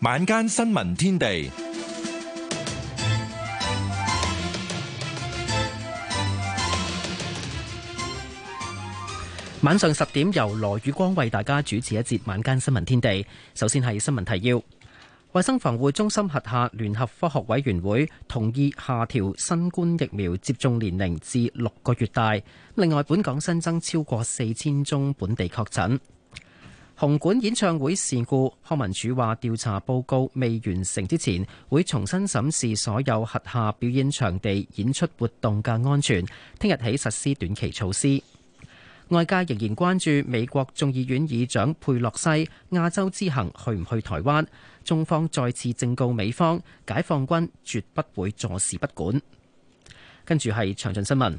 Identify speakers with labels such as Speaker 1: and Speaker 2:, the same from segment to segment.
Speaker 1: 晚間新聞
Speaker 2: 天地，晚上十點由羅宇光為大家主持一節晚間新聞天地。首先係新聞提要：衛生防護中心轄下聯合科學委員會同意下調新冠疫苗接種年齡至六個月大。另外，本港新增超過四千宗本地確診。紅館演唱會事故，康文署話調查報告未完成之前，會重新審視所有轄下表演場地演出活動嘅安全。聽日起實施短期措施。外界仍然關注美國眾議院議長佩洛西亞洲之行去唔去台灣？中方再次正告美方，解放軍絕不會坐視不管。跟住係詳盡新聞。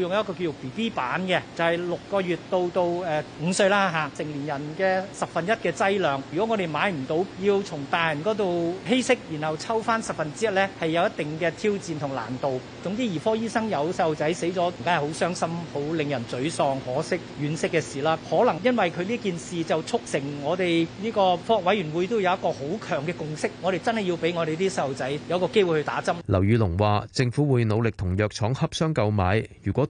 Speaker 1: 用一個叫做 B B 版嘅，就係六個月到到誒五歲啦嚇，成年人嘅十分一嘅劑量。如果我哋買唔到，要從大人嗰度稀釋，然後抽翻十分之一呢，係有一定嘅挑戰同難度。總之，兒科醫生有細路仔死咗，梗係好傷心、好令人沮喪、可惜惋惜嘅事啦。可能因為佢呢件事就促成我哋呢個科學委員會都有一個好強嘅共識，我哋真係要俾我哋啲細路仔有個機會去打針。
Speaker 3: 劉宇龍話：政府會努力同藥廠洽商購買，如果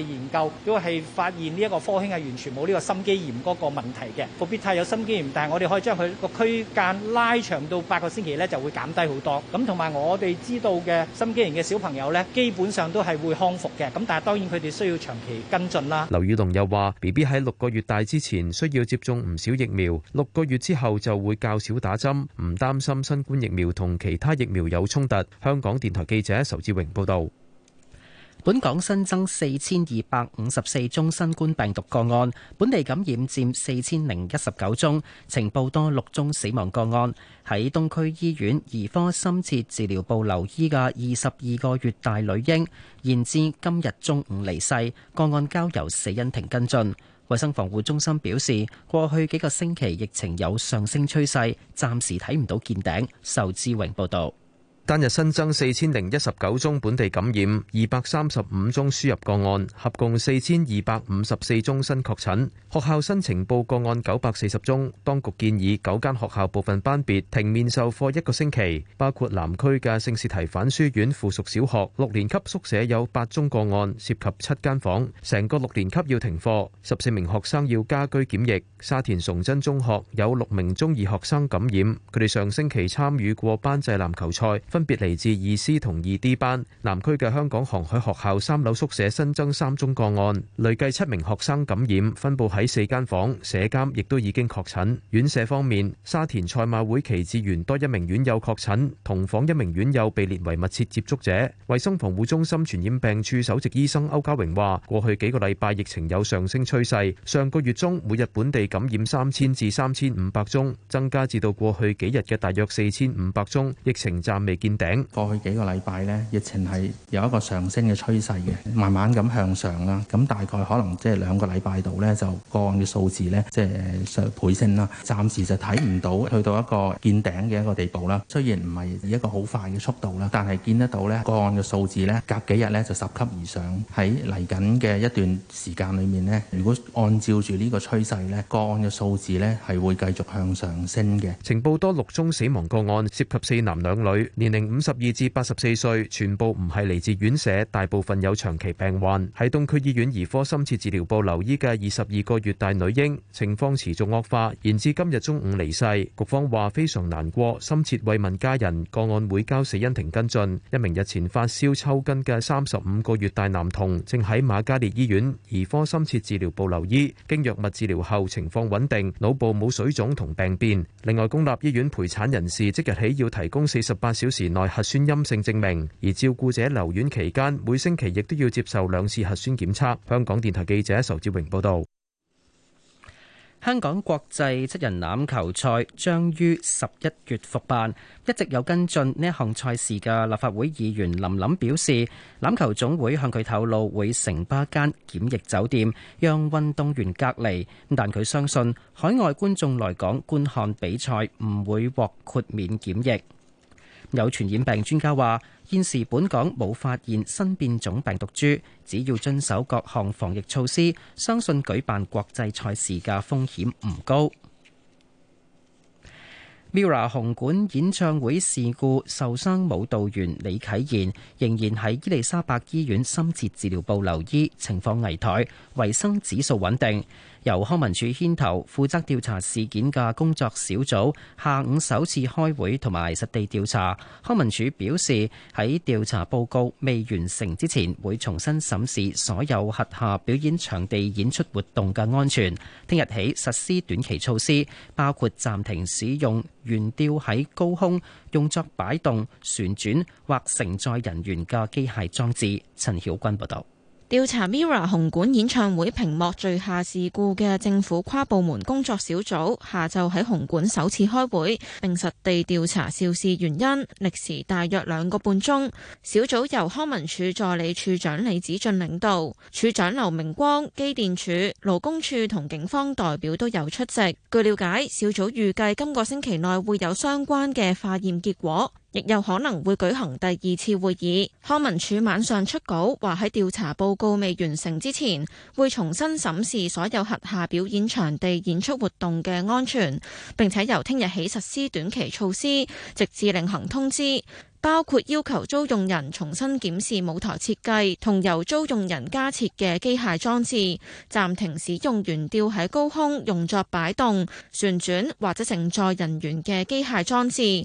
Speaker 1: 研究都係發現呢一個科興係完全冇呢個心肌炎嗰個問題嘅，復必泰有心肌炎，但係我哋可以將佢個區間拉長到八個星期咧，就會減低好多。咁同埋我哋知道嘅心肌炎嘅小朋友咧，基本上都係會康復嘅。咁但係當然佢哋需要長期跟進啦。
Speaker 3: 劉宇龍又話：B B 喺六個月大之前需要接種唔少疫苗，六個月之後就會較少打針，唔擔心新冠疫苗同其他
Speaker 2: 疫苗有衝突。香港電台記者仇志榮報導。本港新增四千二百五十四宗新冠病毒個案，本地感染佔四千零一十九宗，呈報多六宗死亡個案。喺東區醫院兒科深切治療部留醫嘅二十二個月大女嬰，現至今日中午離世。個案交由死因庭跟進。衛生防護中心表示，過去幾個星期疫情有上升趨勢，暫時睇唔到見頂。仇志榮報道。單日新增四千零一十九宗本地感染，二百三十五宗輸入
Speaker 3: 個案，合共四千二百五十四宗新確診。學校申請報個案九百四十宗，當局建議九間學校部分班別停面授課一個星期，包括南區嘅聖士提反書院附屬小學。六年級宿舍有八宗個案，涉及七間房，成個六年級要停課，十四名學生要家居檢疫。沙田崇真中學有六名中二學生感染，佢哋上星期參與過班際籃球賽。分別嚟自二 C 同二 D 班，南區嘅香港航海學校三樓宿舍新增三宗個案，累計七名學生感染，分布喺四間房，社監亦都已經確診。院舍方面，沙田賽馬會耆智園多一名院友確診，同房一名院友被列為密切接觸者。衞生防護中心傳染病處首席醫生歐家榮話：過去幾個禮拜疫情有上升趨勢，上個月中每日本地感染三千至三千五百宗，增加至到過去幾日嘅大約四千五百宗，疫情暫未見頂。過
Speaker 1: 去幾個禮拜呢，疫情係有一個上升嘅趨勢嘅，慢慢咁向上啦。咁大概可能即係兩個禮拜度呢，就個案嘅數字呢，即係倍升啦。暫時就睇唔到去到一個見頂嘅一個地步啦。雖然唔係以一個好快嘅速度啦，但係見得到呢個案嘅數字呢，隔幾日呢就十級而上。喺嚟緊嘅一段時間裏面呢，如果按照住呢個趨勢呢，個案嘅數字呢係會繼續向上升嘅。
Speaker 3: 情報多六宗死亡個案，涉及四男兩女。齡五十二至八十四歲，全部唔係嚟自院舍，大部分有長期病患。喺東區醫院兒科深切治療部留醫嘅二十二個月大女嬰，情況持續惡化，延至今日中午離世。局方話非常難過，深切慰問家人。個案會交死因庭跟進。一名日前發燒抽筋嘅三十五個月大男童，正喺瑪嘉烈醫院兒科深切治療部留醫，經藥物治療後情況穩定，腦部冇水腫同病變。另外，公立醫院陪產人士即日起要提供四十八小時前內核酸陰性證明，而照顧者留院期間每星期亦都要接受兩次核
Speaker 2: 酸檢測。香港電台記者仇志榮報導。香港國際七人欖球賽將於十一月復辦，一直有跟進呢一項賽事嘅立法會議員林琳表示，欖球總會向佢透露會承包間檢疫酒店讓運動員隔離，咁但佢相信海外觀眾來港觀看比賽唔會獲豁免檢疫。有傳染病專家話，現時本港冇發現新變種病毒株，只要遵守各項防疫措施，相信舉辦國際賽事嘅風險唔高。Mira 紅館演唱會事故受傷舞蹈員李啟賢仍然喺伊利沙伯醫院深切治療部留醫，情況危殆，衛生指數穩定。由康文署牽頭負責調查事件嘅工作小組下午首次開會同埋實地調查。康文署表示喺調查報告未完成之前，會重新審視所有轄下表演場地演出活動嘅安全。聽日起實施短期措施，包括暫停使用懸吊喺高空用作擺動旋轉或承載人員嘅機械裝置。陳曉君報道。
Speaker 4: 調查 MIRROR 紅館演唱會屏幕墜下事故嘅政府跨部門工作小組下晝喺紅館首次開會，並實地調查肇事原因，歷時大約兩個半鐘。小組由康文署助理署長李子俊領導，署長劉明光、機電署、勞工署同警方代表都有出席。據了解，小組預計今個星期內會有相關嘅化驗結果。亦有可能會舉行第二次會議。康文署晚上出稿話，喺調查報告未完成之前，會重新審視所有轄下表演場地演出活動嘅安全。並且由聽日起實施短期措施，直至另行通知，包括要求租用人重新檢視舞台設計同由租用人加設嘅機械裝置，暫停使用懸吊喺高空用作擺動、旋轉或者乘坐人員嘅機械裝置。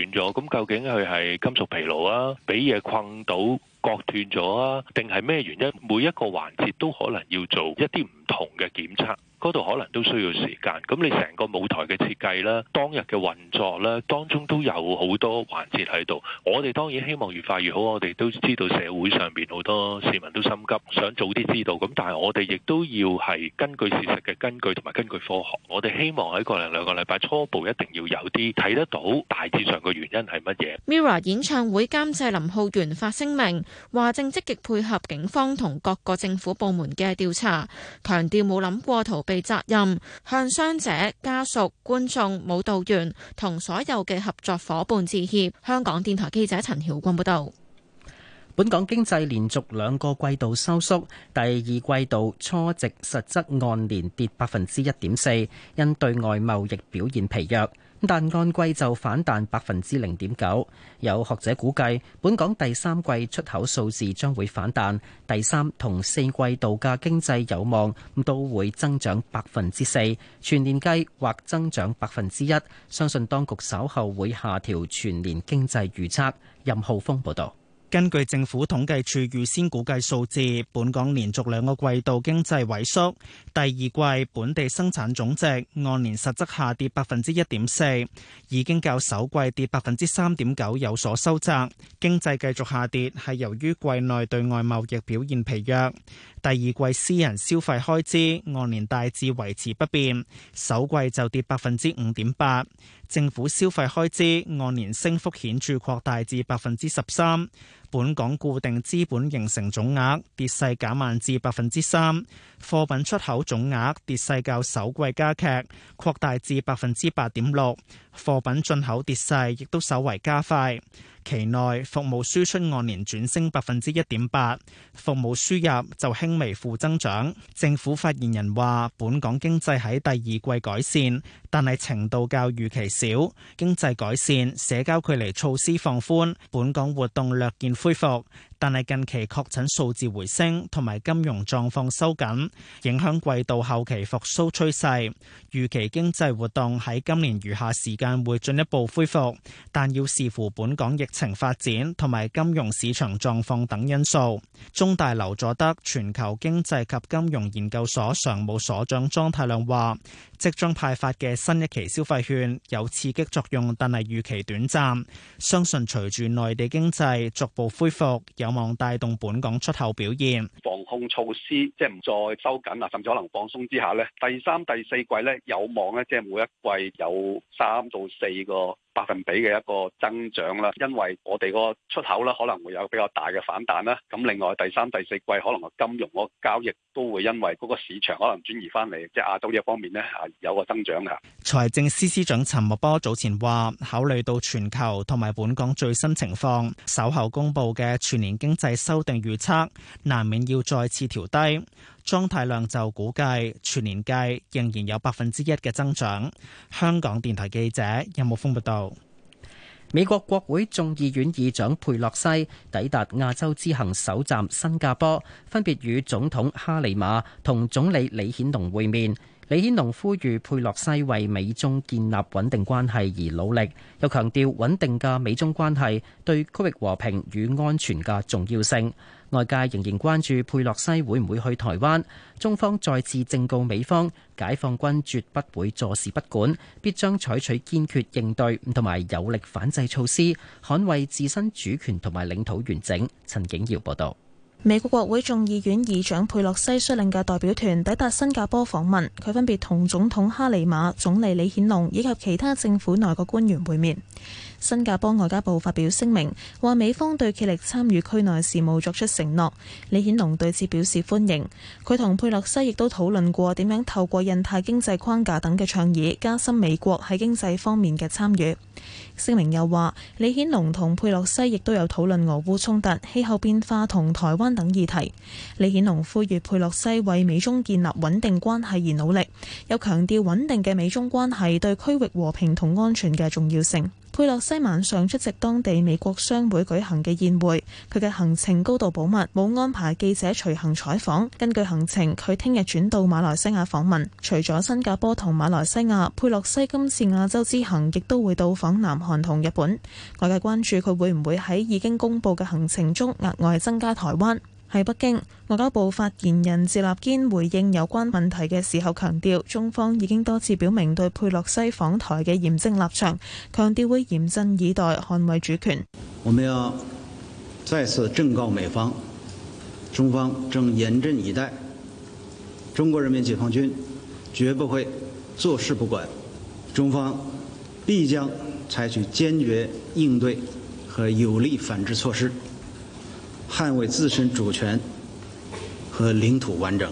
Speaker 1: 斷咗，咁究竟佢係金屬疲勞啊，俾嘢困到割斷咗啊，定係咩原因？每一個環節都可能要做一啲唔同嘅檢測，嗰度可能都需要時間。咁你成個舞台嘅設計啦，當日嘅運作啦，當中都有好多環節喺度。我哋當然希望越快越好。我哋都知道社會上邊好多市民都心急，想早啲知道。咁但係我哋亦都要係根據事實嘅根據同埋根據科學。我哋希望喺過嚟兩個禮拜初步一定要有啲睇得到大致上嘅原因係乜嘢。
Speaker 4: Mirror 演唱會監製林浩源發聲明話：正積極配合警方同各個政府部門嘅調查。強調冇諗過逃避責任，向傷者家屬、觀眾、舞蹈員同所有嘅合作伙伴致歉。香港電台記者陳曉君報道。
Speaker 2: 本港經濟連續兩個季度收縮，第二季度初值實質按年跌百分之一點四，因對外貿易表現疲弱。但按季就反彈百分之零點九，有學者估計本港第三季出口數字將會反彈第三同四季度嘅經濟有望，都會增長百分之四，全年計或增長百分之一，相信當局稍後會下調全年經濟預測，任浩峰報道。根據政府統計處預先估計數字，本港連
Speaker 5: 續兩個季度經濟萎縮。第二季本地生產總值按年實質下跌百分之一點四，已經較首季跌百分之三點九有所收窄。經濟繼續下跌係由於季內對外貿易表現疲弱。第二季私人消費開支按年大致維持不變，首季就跌百分之五點八。政府消費開支按年升幅顯著擴大至百分之十三，本港固定資本形成總額跌勢減慢至百分之三，貨品出口總額跌勢較首季加劇，擴大至百分之八點六，貨品進口跌勢亦都稍為加快。期內服務輸出按年轉升百分之一點八，服務輸入就輕微負增長。政府發言人話，本港經濟喺第二季改善。但係程度較預期少，經濟改善、社交距離措施放寬，本港活動略見恢復。但係近期確診數字回升，同埋金融狀況收緊，影響季度後期復蘇趨勢。預期經濟活動喺今年餘下時間會進一步恢復，但要視乎本港疫情發展同埋金融市場狀況等因素。中大劉佐德全球經濟及金融研究所常務所長莊太亮話，即將派發嘅新一期消費券有刺激作用，但係預期短暫。相信隨住內地經濟逐步恢復，有望帶動本港出口表現。
Speaker 1: 防控措施即係唔再收緊啦，甚至可能放鬆之下咧，第三、第四季咧有望咧即係每一季有三到四個百分比嘅一個增長啦，因為我哋個出口啦可能會有比較大嘅反彈啦。咁另外第三、第四季可能個金融個交易都會因為嗰個市場可能轉移翻嚟，即係亞洲呢一方面咧啊，有個增長嘅。
Speaker 5: 財政司司長陳茂波早前話，考慮到全球同埋本港最新情況，稍後公布嘅全年經濟修訂預測難免要再次調低。莊太量就估計全年計仍然有百分之一嘅增長。
Speaker 2: 香港電台記者任木峰報道。美國國會眾議院議長佩洛西抵達亞洲之行首站新加坡，分別與總統哈里馬同總理李顯龍會面。李顯龍呼籲佩洛西為美中建立穩定關係而努力，又強調穩定嘅美中關係對區域和平與安全嘅重要性。外界仍然關注佩洛西會唔會去台灣，中方再次正告美方，解放軍絕不會坐視不管，必將採取堅決應對同埋有力反制措施，捍衛自身主權同埋領土完整。陳景堯報道。
Speaker 6: 美國國會眾議院議長佩洛西率領嘅代表團抵達新加坡訪問，佢分別同總統哈里馬、總理李顯龍以及其他政府內閣官員會面。新加坡外交部發表聲明，話美方對竭力參與區內事務作出承諾。李顯龍對此表示歡迎。佢同佩洛西亦都討論過點樣透過印太經濟框架等嘅倡議，加深美國喺經濟方面嘅參與。聲明又話，李顯龍同佩洛西亦都有討論俄烏衝突、氣候變化同台灣等議題。李顯龍呼籲佩洛西為美中建立穩定關係而努力，又強調穩定嘅美中關係對區域和平同安全嘅重要性。佩洛西晚上出席當地美國商會舉行嘅宴會，佢嘅行程高度保密，冇安排記者隨行採訪，根據行程，佢聽日轉到馬來西亞訪問，除咗新加坡同馬來西亞，佩洛西今次亞洲之行亦都會到訪南韓同日本。外界關注佢會唔會喺已經公布嘅行程中額外增加台灣。喺北京，外交部發言人趙立堅回應有關問題嘅時候強調，強調中方已經多次表明對佩洛西訪台嘅嚴正立場，強調會嚴陣以待，捍衞主權。
Speaker 1: 我們要再次正告美方，中方正嚴陣以待，中國人民解放軍絕不會坐視不管，中方必將採取堅決應對和有力反制措施。捍衛自身主權和領土完整。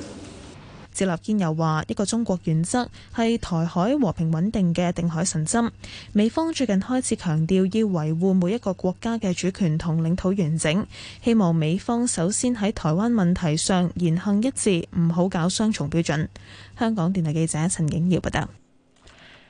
Speaker 6: 趙立堅又話，一個中國原則係台海和平穩定嘅定海神針，美方最近開始強調要維護每一個國家嘅主權同領土完整，希望美方首先喺台灣問題上言行一致，唔好搞雙重標準。香港電台記者陳景耀報道。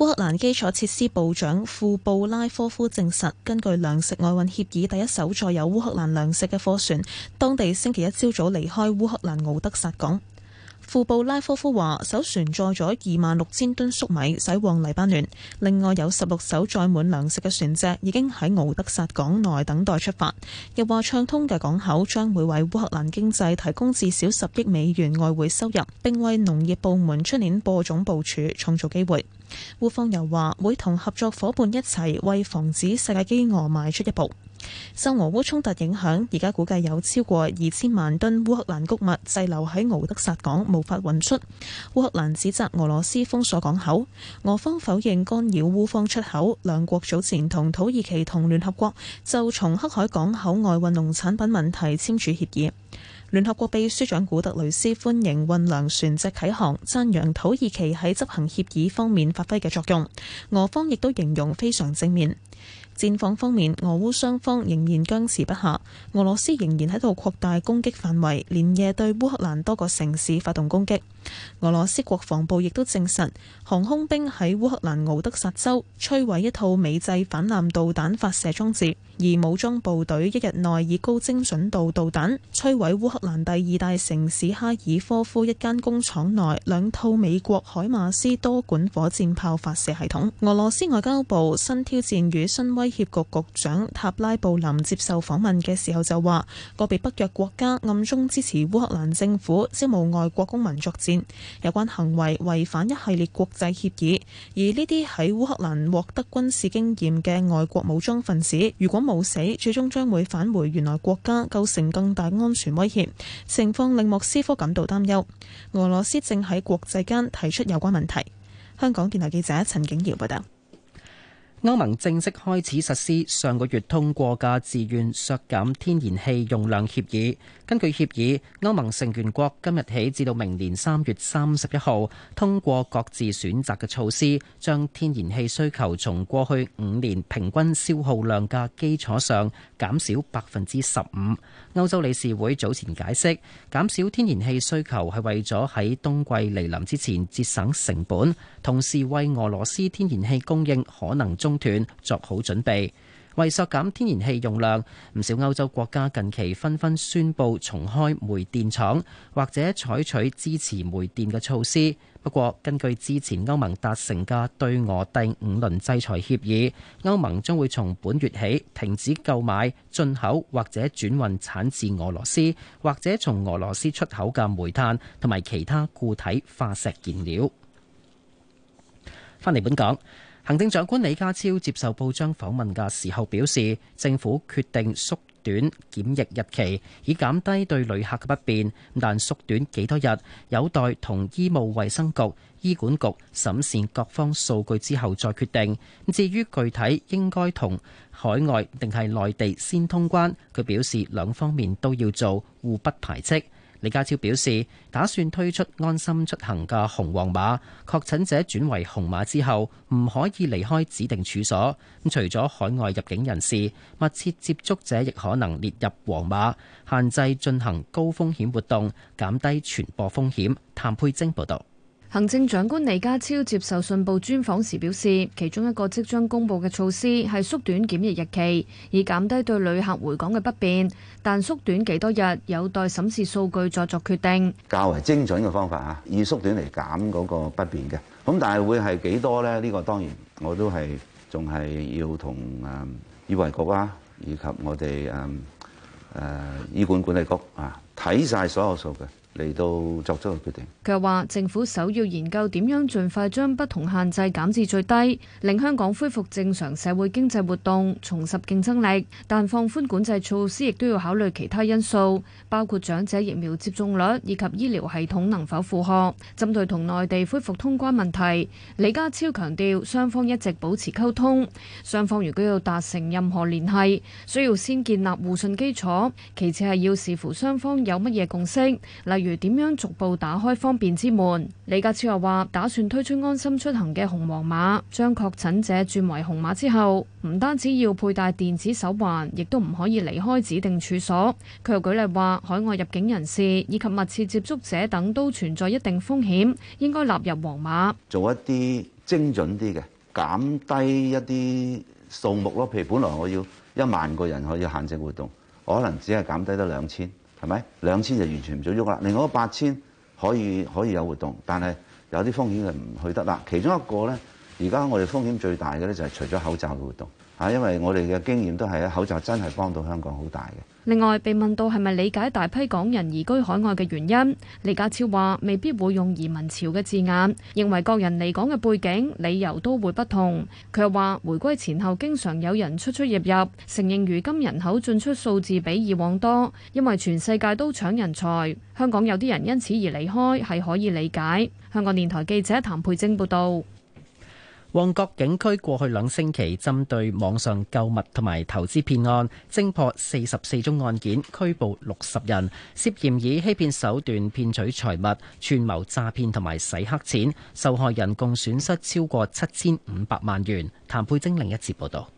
Speaker 6: 烏克蘭基礎設施部長庫布拉科夫證實，根據糧食外運協議，第一艘載有烏克蘭糧食嘅貨船，當地星期一朝早離開烏克蘭奧德薩港。庫布拉科夫話，首船載咗二萬六千噸粟米駛往黎巴嫩，另外有十六艘載滿糧食嘅船隻已經喺奧德薩港內等待出發。又話暢通嘅港口將會為烏克蘭經濟提供至少十億美元外匯收入，並為農業部門出年播種部署創造機會。烏方又話會同合作伙伴一齊為防止世界飢餓邁出一步。受俄烏衝突影響，而家估計有超過二千萬噸烏克蘭谷物滯留喺敖德薩港，無法運出。烏克蘭指責俄羅斯封鎖港口，俄方否認干擾烏方出口。兩國早前同土耳其同聯合國就從黑海港口外運農產品問題簽署協議。聯合國秘書長古特雷斯歡迎運糧船隻啟航，讚揚土耳其喺執行協議方面發揮嘅作用。俄方亦都形容非常正面。戰況方面，俄烏雙方仍然僵持不下。俄羅斯仍然喺度擴大攻擊範圍，連夜對烏克蘭多個城市發動攻擊。俄羅斯國防部亦都證實，航空兵喺烏克蘭奧德薩州摧毀一套美製反艦導彈發射裝置，而武裝部隊一日內以高精準度導彈摧毀烏克蘭第二大城市哈爾科夫一間工廠內兩套美國海馬斯多管火箭炮發射系統。俄羅斯外交部新挑戰與新威協局局長塔拉布林接受訪問嘅時候就話，個別北約國家暗中支持烏克蘭政府招募外國公民作戰，有關行為違反一系列國際協議。而呢啲喺烏克蘭獲得軍事經驗嘅外國武裝分子，如果冇死，最終將會返回原來國家，構成更大安全威脅。情況令莫斯科感到擔憂。俄羅斯正喺國際間提出有關問題。香港電台記者陳景堯報道。
Speaker 2: 歐盟正式開始實施上個月通過嘅自願削減天然氣用量協議。根據協議，歐盟成員國今日起至到明年三月三十一號通過各自選擇嘅措施，將天然氣需求從過去五年平均消耗量嘅基礎上減少百分之十五。歐洲理事會早前解釋減少天然氣需求係為咗喺冬季嚟臨之前節省成本，同時為俄羅斯天然氣供應可能中。中斷，作好準備。為削減天然氣用量，唔少歐洲國家近期紛紛宣布重開煤電廠，或者採取支持煤電嘅措施。不過，根據之前歐盟達成嘅對俄第五輪制裁協議，歐盟將會從本月起停止購買、進口或者轉運產自俄羅斯或者從俄羅斯出口嘅煤炭同埋其他固體化石燃料。翻嚟本港。行政長官李家超接受報章訪問嘅時候表示，政府決定縮短檢疫日期，以減低對旅客嘅不便。但縮短幾多日，有待同醫務衛生局、醫管局審慎各方數據之後再決定。咁至於具體應該同海外定係內地先通關，佢表示兩方面都要做，互不排斥。李家超表示，打算推出安心出行嘅紅黃碼，確診者轉為紅碼之後，唔可以離開指定處所。咁除咗海外入境人士，密切接觸者亦可能列入黃碼，限制進行高風險活動，減低傳播風險，譚佩晶報道。
Speaker 7: 行政長官李家超接受信報專訪時表示，其中一個即將公布嘅措施係縮短檢疫日期，以減低對旅客回港嘅不便。但縮短幾多日，有待審視數據再作決定。
Speaker 1: 較為精準嘅方法啊，以縮短嚟減嗰個不便嘅。咁但係會係幾多呢？呢個當然我都係仲係要同誒醫衛局啊，以及我哋誒誒醫管管理局啊睇晒所有數據。嚟到作出決定。
Speaker 7: 佢話政府首要研究點樣盡快將不同限制減至最低，令香港恢復正常社會經濟活動，重拾競爭力。但放寬管制措施亦都要考慮其他因素，包括長者疫苗接種率以及醫療系統能否負荷。針對同內地恢復通關問題，李家超強調雙方一直保持溝通。雙方如果要達成任何聯繫，需要先建立互信基礎，其次係要視乎雙方有乜嘢共識。例。例如點樣逐步打開方便之門？李家超又話：打算推出安心出行嘅紅黃碼，將確診者轉為紅碼之後，唔單止要佩戴電子手環，亦都唔可以離開指定處所。佢又舉例話：海外入境人士以及密切接觸者等都存在一定風險，應該納入黃碼，
Speaker 1: 做一啲精準啲嘅，減低一啲數目咯。譬如本來我要一萬個人可以限制活動，我可能只係減低到兩千。係咪兩千就完全唔使喐啦？另外八千可以可以有活動，但係有啲風險係唔去得啦。其中一個呢，而家我哋風險最大嘅呢，就係除咗口罩嘅活動嚇，因為我哋嘅經驗都係咧，口罩真係幫到香港好大嘅。
Speaker 7: 另外，被問到係咪理解大批港人移居海外嘅原因，李家超話未必會用移民潮嘅字眼，認為各人離港嘅背景、理由都會不同。佢又話，回歸前後經常有人出出入入，承認如今人口進出數字比以往多，因為全世界都搶人才，香港有啲人因此而離開，係可以理解。香港電台記者譚佩晶報道。
Speaker 2: 旺角警區過去兩星期針對網上購物同埋投資騙案，偵破四十四宗案件，拘捕六十人，涉嫌以欺騙手段騙取財物，串謀詐騙同埋洗黑錢，受害人共損失超過七千五百萬元。譚佩晶另一次報道。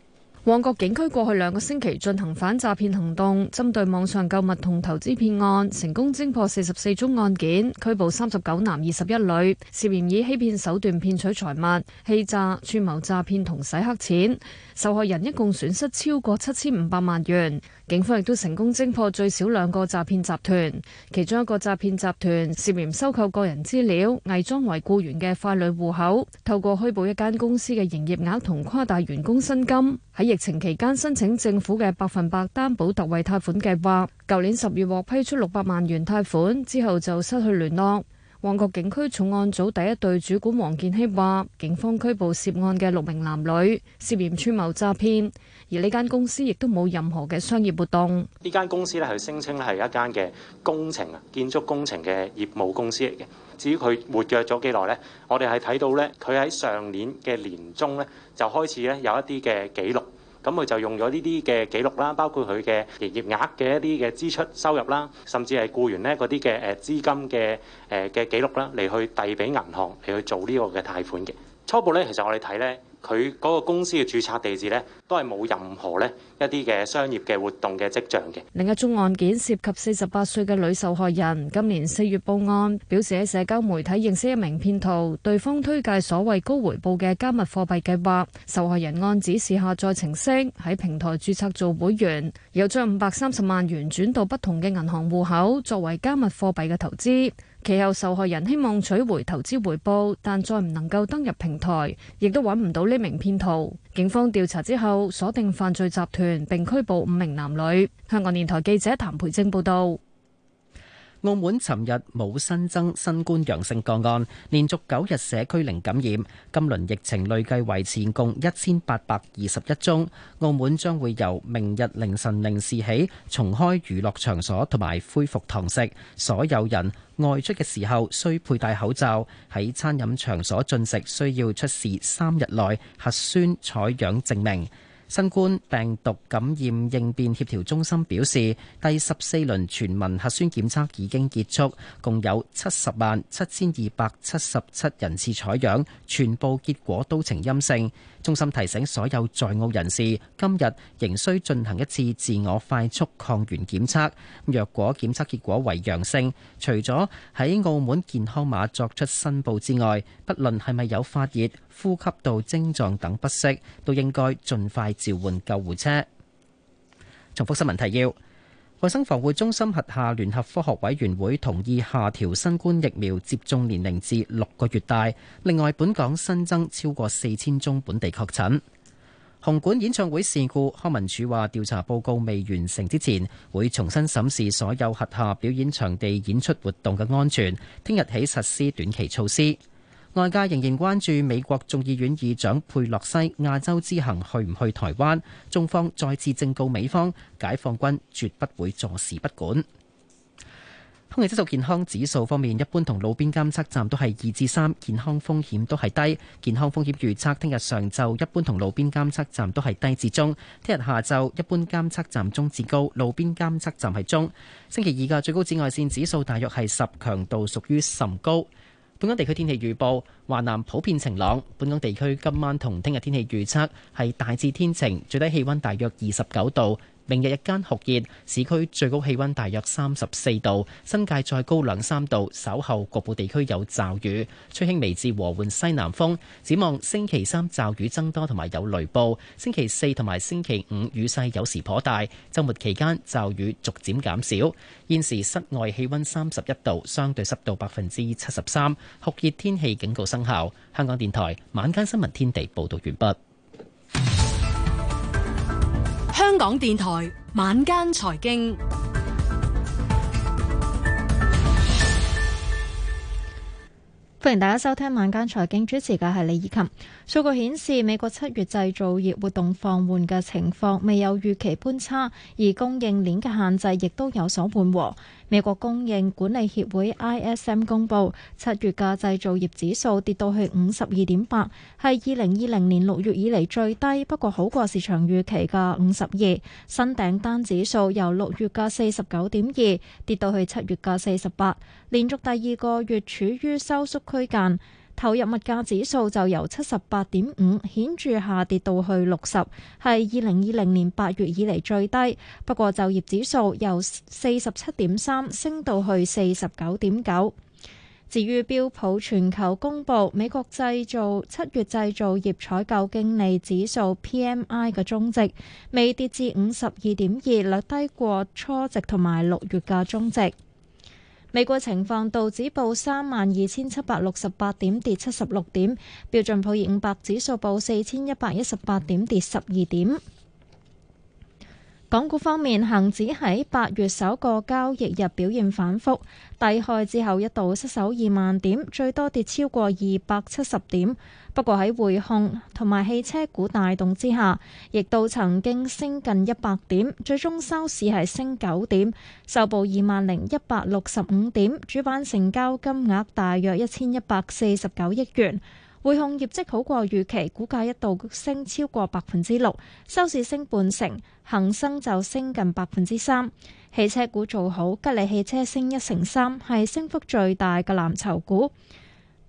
Speaker 7: 旺角警區過去兩個星期進行反詐騙行動，針對網上購物同投資騙案，成功偵破四十四宗案件，拘捕三十九男二十一女，涉嫌以欺騙手段騙取財物、欺詐、串謀詐騙同洗黑錢，受害人一共損失超過七千五百萬元。警方亦都成功偵破最少兩個詐騙集團，其中一個詐騙集團涉嫌收購個人資料、偽裝為僱員嘅法律戶口，透過虛報一間公司嘅營業額同誇大員工薪金，喺疫情期間申請政府嘅百分百擔保特惠貸款計劃，舊年十月獲批出六百萬元貸款之後就失去聯絡。旺角警區重案組第一隊主管黃建希話，警方拘捕涉案嘅六名男女，涉嫌串謀詐騙。而呢間公司亦都冇任何嘅商業活動。
Speaker 8: 呢間公司咧係聲稱咧係一間嘅工程、建築工程嘅業務公司嚟嘅。至於佢活躍咗幾耐咧，我哋係睇到咧，佢喺上年嘅年中咧就開始咧有一啲嘅記錄。咁佢就用咗呢啲嘅記錄啦，包括佢嘅營業額嘅一啲嘅支出、收入啦，甚至係僱員咧嗰啲嘅誒資金嘅誒嘅記錄啦，嚟去遞
Speaker 1: 俾銀行嚟去做呢個嘅貸款嘅。初步咧，其實我哋睇咧。佢嗰個公司嘅註冊地址咧，都係冇任何咧一啲嘅商業嘅活動嘅跡象嘅。
Speaker 7: 另一宗案件涉及四十八歲嘅女受害人，今年四月報案，表示喺社交媒體認識一名騙徒，對方推介所謂高回報嘅加密貨幣計劃，受害人按指示下載程式喺平台註冊做會員，又將五百三十萬元轉到不同嘅銀行戶口作為加密貨幣嘅投資。其後受害人希望取回投資回報，但再唔能夠登入平台，亦都揾唔到呢名騙徒。警方調查之後，鎖定犯罪集團並拘捕五名男女。香港電台記者譚培正報道。
Speaker 2: 澳門尋日冇新增新冠陽性個案，連續九日社區零感染。今輪疫情累計維持共一千八百二十一宗。澳門將會由明日凌晨零時起重開娛樂場所，同埋恢復堂食。所有人外出嘅時候需佩戴口罩，喺餐飲場所進食需要出示三日內核酸採樣證明。新冠病毒感染應變協調中心表示，第十四輪全民核酸檢測已經結束，共有七十萬七千二百七十七人次採樣，全部結果都呈陰性。中心提醒所有在澳人士，今日仍需進行一次自我快速抗原檢測，若果檢測結果為陽性，除咗喺澳門健康碼作出申報之外，不論係咪有發熱、呼吸道徵狀等不適，都應該盡快召喚救護車。重複新聞提要：衞生防護中心轄下聯合科學委員會同意下調新冠疫苗接種年齡至六個月大。另外，本港新增超過四千宗本地確診。紅館演唱會事故，康文署話調查報告未完成之前，會重新審視所有轄下表演場地演出活動嘅安全，聽日起實施短期措施。外界仍然關注美國眾議院議長佩洛西亞洲之行去唔去台灣，中方再次正告美方，解放軍絕不會坐視不管。空氣質素健康指數方面，一般同路邊監測站都係二至三，健康風險都係低。健康風險預測，聽日上晝一般同路邊監測站都係低至中，聽日下晝一般監測站中至高，路邊監測站係中。星期二嘅最高紫外線指數大約係十，強度屬於甚高。本港地區天氣預報，華南普遍晴朗。本港地區今晚同聽日天氣預測係大致天晴，最低氣溫大約二十九度。明日日間酷熱，市區最高氣溫大約三十四度，新界再高兩三度。稍後局部地區有驟雨，吹輕微至和緩西南風。展望星期三驟雨增多同埋有雷暴，星期四同埋星期五雨勢有時頗大。周末期間驟雨逐漸減少。現時室外氣溫三十一度，相對濕度百分之七十三，酷熱天氣警告生效。香港電台晚間新聞天地報道完畢。
Speaker 7: 香港電台晚間財經，歡迎
Speaker 9: 大家收聽晚間財經。主持嘅係李以琴。數據顯示，美國七月製造業活動放緩嘅情況未有預期般差，而供應鏈嘅限制亦都有所緩和。美國供應管理協會 ISM 公布，七月嘅製造業指數跌到去五十二點八，係二零二零年六月以嚟最低，不過好過市場預期嘅五十二。新訂單指數由六月嘅四十九點二跌到去七月嘅四十八，連續第二個月處於收縮區間。投入物價指數就由七十八點五顯著下跌到去六十，係二零二零年八月以嚟最低。不過就業指數由四十七點三升到去四十九點九。至於標普全球公布美國製造七月製造業採購經理指數 PMI 嘅終值，微跌至五十二點二，略低過初值同埋六月嘅終值。美國情況，道指報三萬二千七百六十八點，跌七十六點；標準普爾五百指數報四千一百一十八點，跌十二點。港股方面，恒指喺八月首個交易日表現反覆，低開之後一度失守二萬點，最多跌超過二百七十點。不過喺匯控同埋汽車股帶動之下，亦都曾經升近一百點，最終收市係升九點，收報二萬零一百六十五點，主板成交金額大約一千一百四十九億元。匯控業績好過預期，股價一度升超過百分之六，收市升半成；恒生就升近百分之三。汽車股做好，吉利汽車升一成三，係升幅最大嘅藍籌股。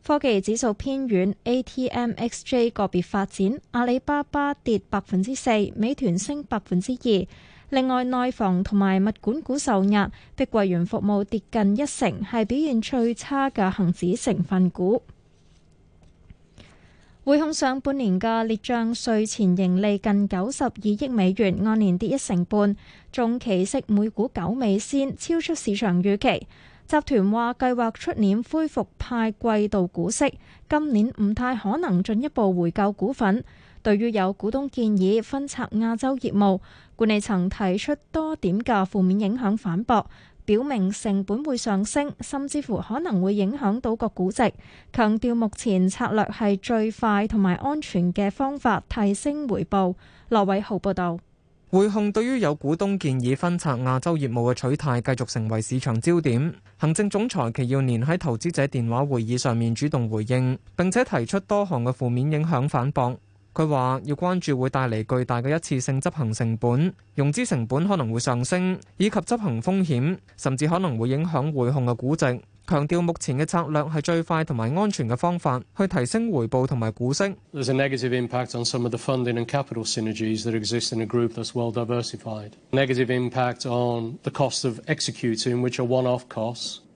Speaker 9: 科技指數偏軟，A T M X J 個別發展，阿里巴巴跌百分之四，美團升百分之二。另外，內房同埋物管股受壓，碧桂園服務跌近一成，係表現最差嘅恒指成分股。匯控上半年嘅列賬稅前盈利近九十二億美元，按年跌一成半，中期息每股九美仙，超出市場預期。集團話計劃出年恢復派季度股息，今年唔太可能進一步回購股份。對於有股東建議分拆亞洲業務，管理層提出多點嘅負面影響反駁。表明成本會上升，甚至乎可能會影響到個估值。強調目前策略係最快同埋安全嘅方法，提升回報。羅偉豪報導。
Speaker 10: 匯控對於有股東建議分拆亞洲業務嘅取態，繼續成為市場焦點。行政總裁祁耀年喺投資者電話會議上面主動回應，並且提出多項嘅負面影響反駁。佢話：要關注會帶嚟巨大嘅一次性執行成本、融資成本可能會上升，以及執行風險，甚至可能會影響匯控嘅估值。強調目前嘅策略係最快同埋安全嘅方法，去提升回報同
Speaker 3: 埋股息。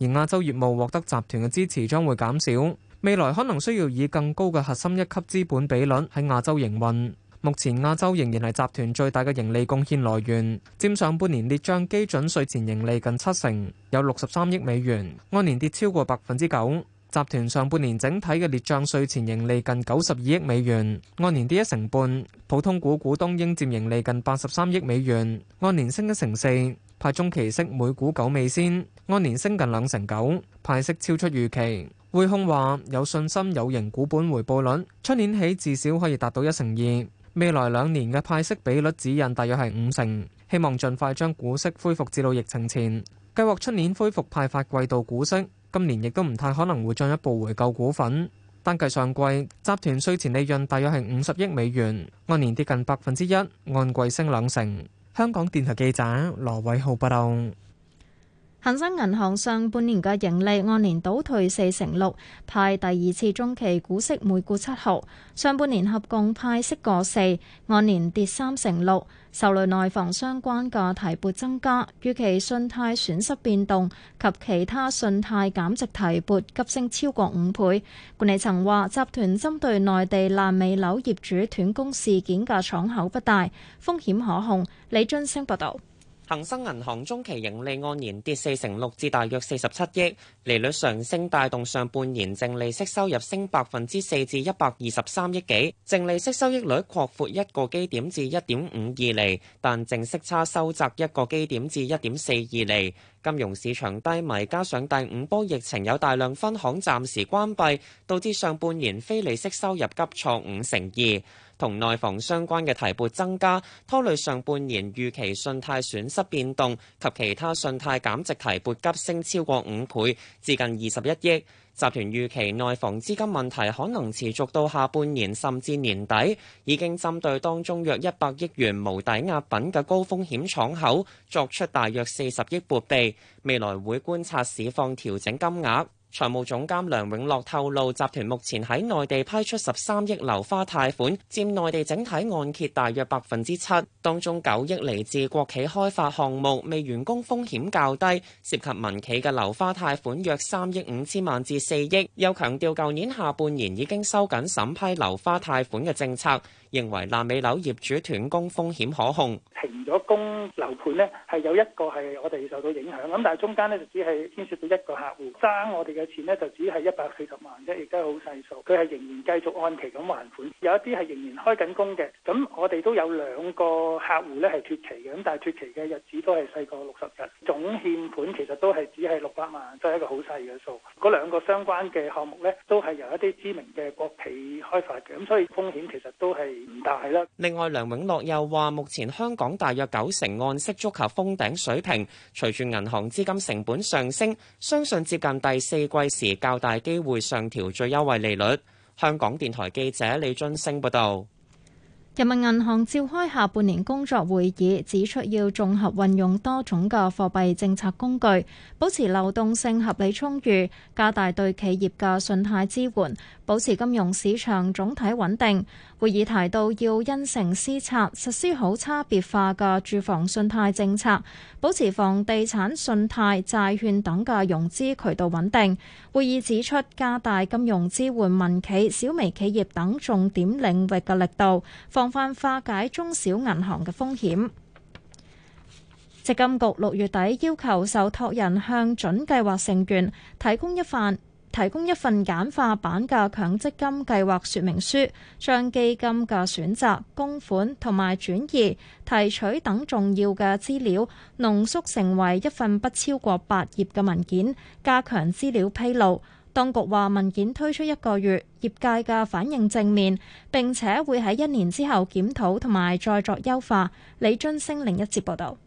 Speaker 10: 而亞洲業務獲得集團嘅支持，將會減少。未來可能需要以更高嘅核心一級資本比率喺亞洲營運。目前亞洲仍然係集團最大嘅盈利貢獻來源，佔上半年列帳基準稅前盈利近七成，有六十三億美元，按年跌超過百分之九。集團上半年整體嘅列帳稅前盈利近九十二億美元，按年跌一成半。普通股股東應佔盈利近八十三億美元，按年升一成四。派中期息每股九美仙，按年升近兩成九，派息超出預期。匯控話有信心有形股本回報率，出年起至少可以達到一成二，未來兩年嘅派息比率指引大約係五成，希望盡快將股息恢復至到疫情前。計劃出年恢復派發季度股息，今年亦都唔太可能會進一步回購股份。單計上季集團稅前利潤大約係五十億美元，按年跌近百分之一，按季升兩成。香港電台記者羅偉浩報道。
Speaker 9: 恒生銀行上半年嘅盈利按年倒退四成六，派第二次中期股息每股七毫，上半年合共派息個四，按年跌三成六。受累內房相關嘅提撥增加，預期信貸損失變動及其他信貸減值提撥急升超過五倍。管理層話集團針對內地爛尾樓業主斷供事件嘅敞口不大，風險可控。李津升報道。
Speaker 8: 恒生銀行中期盈利按年跌四成六至大約四十七億，利率上升帶動上半年淨利息收入升百分之四至一百二十三億幾，淨利息收益率擴闊一個基點至一點五二厘，但淨息差收窄一個基點至一點四二厘。金融市場低迷，加上第五波疫情有大量分行暫時關閉，導致上半年非利息收入急挫五成二，同內房相關嘅提撥增加，拖累上半年預期信貸損失變動及其他信貸減值提撥急升超過五倍，至近二十一億。集團預期內房資金問題可能持續到下半年甚至年底，已經針對當中約一百億元無抵押品嘅高風險敞口作出大約四十億撥備，未來會觀察市況調整金額。財務總監梁永樂透露，集團目前喺內地批出十三億樓花貸款，佔內地整體按揭大約百分之七。當中九億嚟自國企開發項目，未完工風險較低；涉及民企嘅樓花貸款約三億五千萬至四億。又強調，舊年下半年已經收緊審批樓花貸款嘅政策。認為爛尾樓業主斷供風險可控，
Speaker 1: 停咗供樓盤呢，係有一個係我哋受到影響，咁但係中間呢，就只係牽涉到一個客戶爭我哋嘅錢呢，就只係一百四十萬啫，亦都係好細數，佢係仍然繼續按期咁還款，有一啲係仍然開緊工嘅，咁我哋都有兩個客戶咧係脫期嘅，咁但係脫期嘅日子都係細過六十日，總欠款其實都係只係六百萬，都係一個好細嘅數，嗰兩個相關嘅項目呢，都係由一啲知名嘅國企開發嘅，咁所以風險其實都係
Speaker 8: 唔大啦。另外，梁永樂又話：目前香港大約九成按息觸及封頂水平，隨住銀行資金成本上升，相信接近第四季時較大機會上調最優惠利率。香港電台記者李俊升報道：
Speaker 9: 人民銀行召開下半年工作會議，指出要綜合運用多種嘅貨幣政策工具，保持流動性合理充裕，加大對企業嘅信貸支援，保持金融市場總體穩定。會議提到要因城施策，實施好差別化嘅住房信貸政策，保持房地產信貸、債券等嘅融資渠道穩定。會議指出，加大金融支援民企、小微企業等重點領域嘅力度，防範化解中小銀行嘅風險。積金局六月底要求受託人向準計劃成員提供一份。提供一份簡化版嘅強積金計劃說明書，將基金嘅選擇、供款同埋轉移、提取等重要嘅資料濃縮成為一份不超過八頁嘅文件，加強資料披露。當局話文件推出一個月，業界嘅反應正面，並且會喺一年之後檢討同埋再作優化。李津升另一節報道。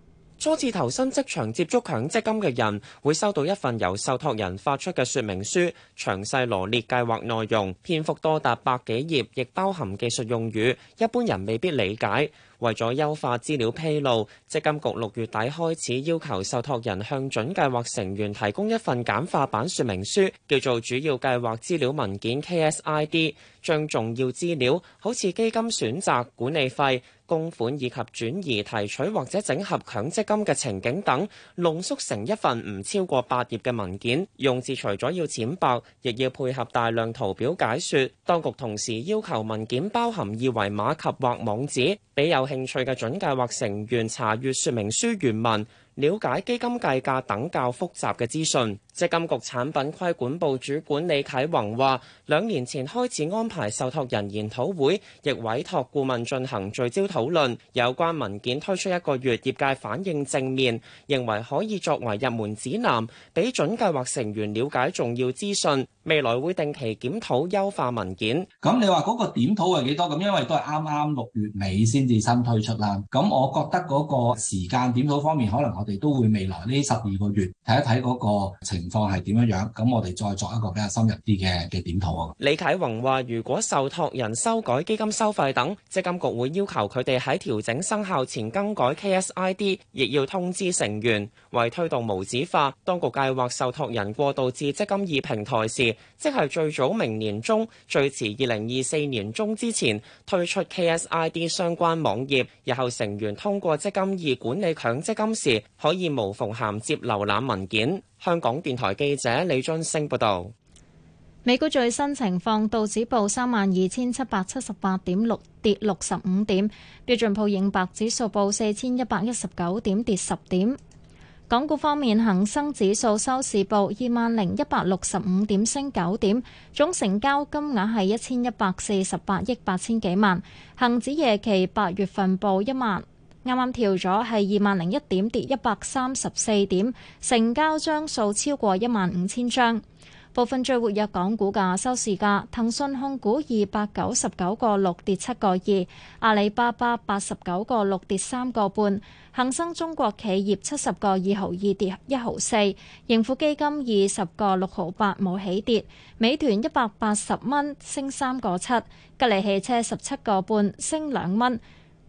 Speaker 8: 初次投身職場接觸強積金嘅人，會收到一份由受託人發出嘅說明書，詳細羅列計劃內容，篇幅多達百幾頁，亦包含技術用語，一般人未必理解。為咗優化資料披露，積金局六月底開始要求受託人向準計劃成員提供一份簡化版說明書，叫做主要計劃資料文件 （KSID），將重要資料，好似基金選擇、管理費、供款以及轉移提取或者整合強積金嘅情景等，濃縮成一份唔超過八頁嘅文件。用字除咗要淺白，亦要配合大量圖表解說，當局同時要求文件包含二維碼及或網址。俾有興趣嘅準計劃成員查閱說明書原文，了解基金計價等較複雜嘅資訊。積金局產品規管部主管李啟宏話，兩年前開始安排受託人研討會，亦委託顧問進行聚焦討論。有關文件推出一個月，業界反應正面，認為可以作為入門指南，俾準計劃成員了解重要資訊。未來會定期檢討優化文件。咁
Speaker 7: 你話嗰
Speaker 1: 個檢討係幾多？咁因為都係啱啱六月尾先。自新推出啦，咁我覺得嗰個時間點好方面，可能我哋都會未來呢十二個月睇一睇嗰個情況係點樣樣，咁我哋再作一個比較深入啲嘅嘅檢討啊。
Speaker 8: 李啟宏話，如果受託人修改基金收費等，積金局會要求佢哋喺調整生效前更改 KSID，亦要通知成員。為推動無紙化，當局計劃受託人過渡至積金易平台時，即係最早明年中，最遲二零二四年中之前推出 KSID 相關網頁，日後成員通過積金易管理強積金時可以無縫銜接瀏覽文件。香港電台記者李俊升報道。
Speaker 9: 美股最新情況，道指報三萬二千七百七十八點六，跌六十五點；標準普爾指數報四千一百一十九點跌十點。港股方面，恒生指數收市報二萬零一百六十五點升九點，總成交金額係一千一百四十八億八千幾萬，恒指夜期八月份報一萬啱啱調咗係二萬零一點跌一百三十四點成交張數超過一萬五千張。部分最活躍港股價收市價，騰訊控股二百九十九個六，跌七個二，阿里巴巴八十九個六，跌三個半，恒生中國企業七十個二毫二，跌一毫四，盈富基金二十個六毫八，冇起跌，美團一百八十蚊，升三個七，吉利汽車十七個半，升兩蚊。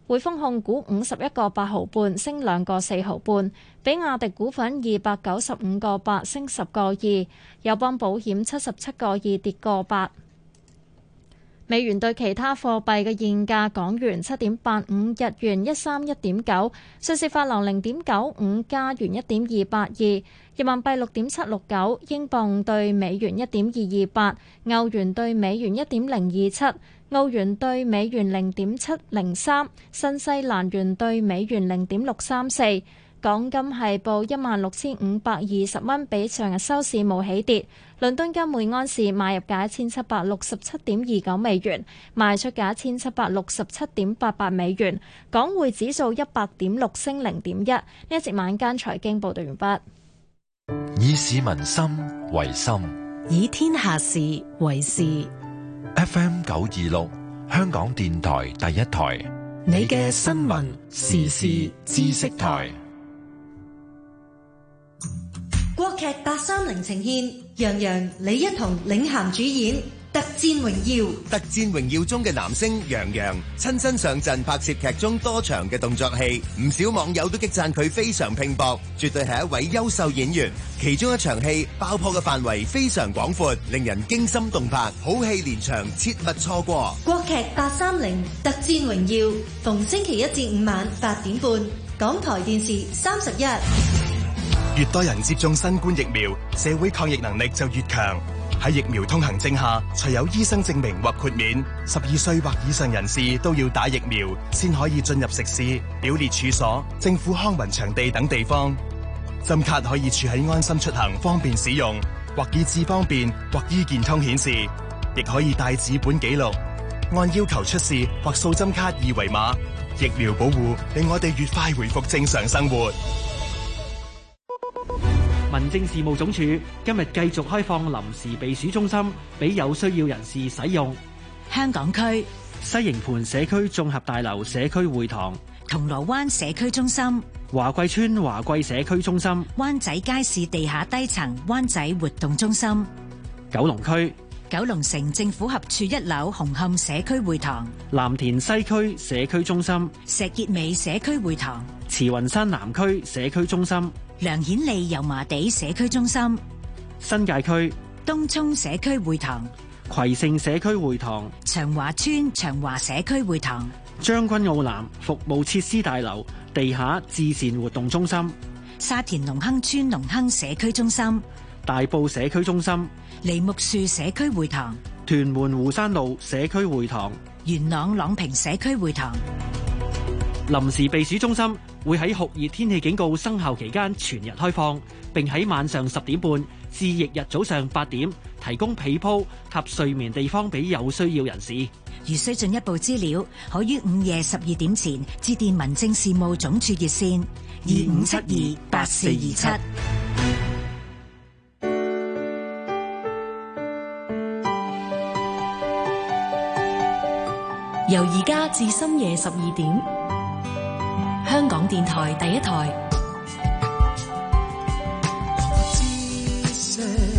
Speaker 9: 匯豐控股五十一個八毫半，升兩個四毫半；比亞迪股份二百九十五個八，升十個二；友邦保險七十七個二，跌個八。美元對其他貨幣嘅現價：港元七點八五，日元一三一點九，瑞士法郎零點九五，加元一點二八二，人民幣六點七六九，英鎊對美元一點二二八，歐元對美元一點零二七。澳元兌美元零點七零三，新西蘭元兌美元零點六三四，港金係報一萬六千五百二十蚊，比上日收市冇起跌。倫敦金每安士買入價一千七百六十七點二九美元，賣出價一千七百六十七點八八美元。港匯指數一百點六，升零點一。呢一節晚間財經報導完畢。
Speaker 4: 以市民心
Speaker 1: 為心，
Speaker 10: 以天下事為事。
Speaker 1: FM 九二六，香港電台第一台，
Speaker 10: 你嘅新聞時事
Speaker 1: 知識台，
Speaker 4: 國劇八三零呈現，楊洋、李一桐領銜主演。《特戰榮耀》
Speaker 1: 《特戰榮耀》中嘅男星楊洋親身上陣拍攝劇中多場嘅動作戲，唔少網友都激讚佢非常拼搏，絕對係一位優秀演員。其中一場戲爆破嘅範圍非常廣闊，令人驚心動魄，好戲連場，切勿錯過。
Speaker 4: 國劇八三零《特戰榮耀》，逢星期一至五晚八點半，港台電視三十一。
Speaker 1: 越多人接種新冠疫苗，社會抗疫能力就越強。喺疫苗通行證下，除有醫生證明或豁免，十二歲或以上人士都要打疫苗，先可以進入食肆、表列處所、政府康文場地等地方。針卡可以處喺安心出行方便使用，或以智方便，或醫健通顯示，亦可以帶紙本記錄，按要求出示或掃針卡二維碼。疫苗保護令我哋越快回復正常生活。民政事務總署今日繼續開放臨時避暑中心，俾有需要人士使用。香港區西營盤社區綜合大樓社區會堂、銅鑼灣社區中心、
Speaker 9: 華貴村華貴社區中心、灣仔街市地下低層灣仔活動中心、九龍區九龍城政府合署一樓紅磡社區
Speaker 2: 會堂、藍田西區社區中心、石硤尾社區會堂、慈雲山南區社區中心。梁顯利油麻地社區中心，新界區東涌社區會堂，葵盛社區會堂，長華村長華社區會堂，將軍澳南服務設施大樓地下自善活動中心，沙田隆亨村隆亨社區中心，大埔社區中心，梨木樹社區會堂，屯門湖山路社區會堂，
Speaker 9: 元朗朗平社區會堂。
Speaker 2: 臨時避暑中心會喺
Speaker 1: 酷熱天氣警告生效期間全日開放，並喺晚上十點半至翌日早上八點提供被鋪及睡眠地方俾有需要人士。
Speaker 9: 如需進一步資料，可於午夜十二點前致電民政事務總署熱線
Speaker 8: 二五七二
Speaker 9: 八四二七。
Speaker 7: 72, 由而家至深夜十二點。香港電台第一台。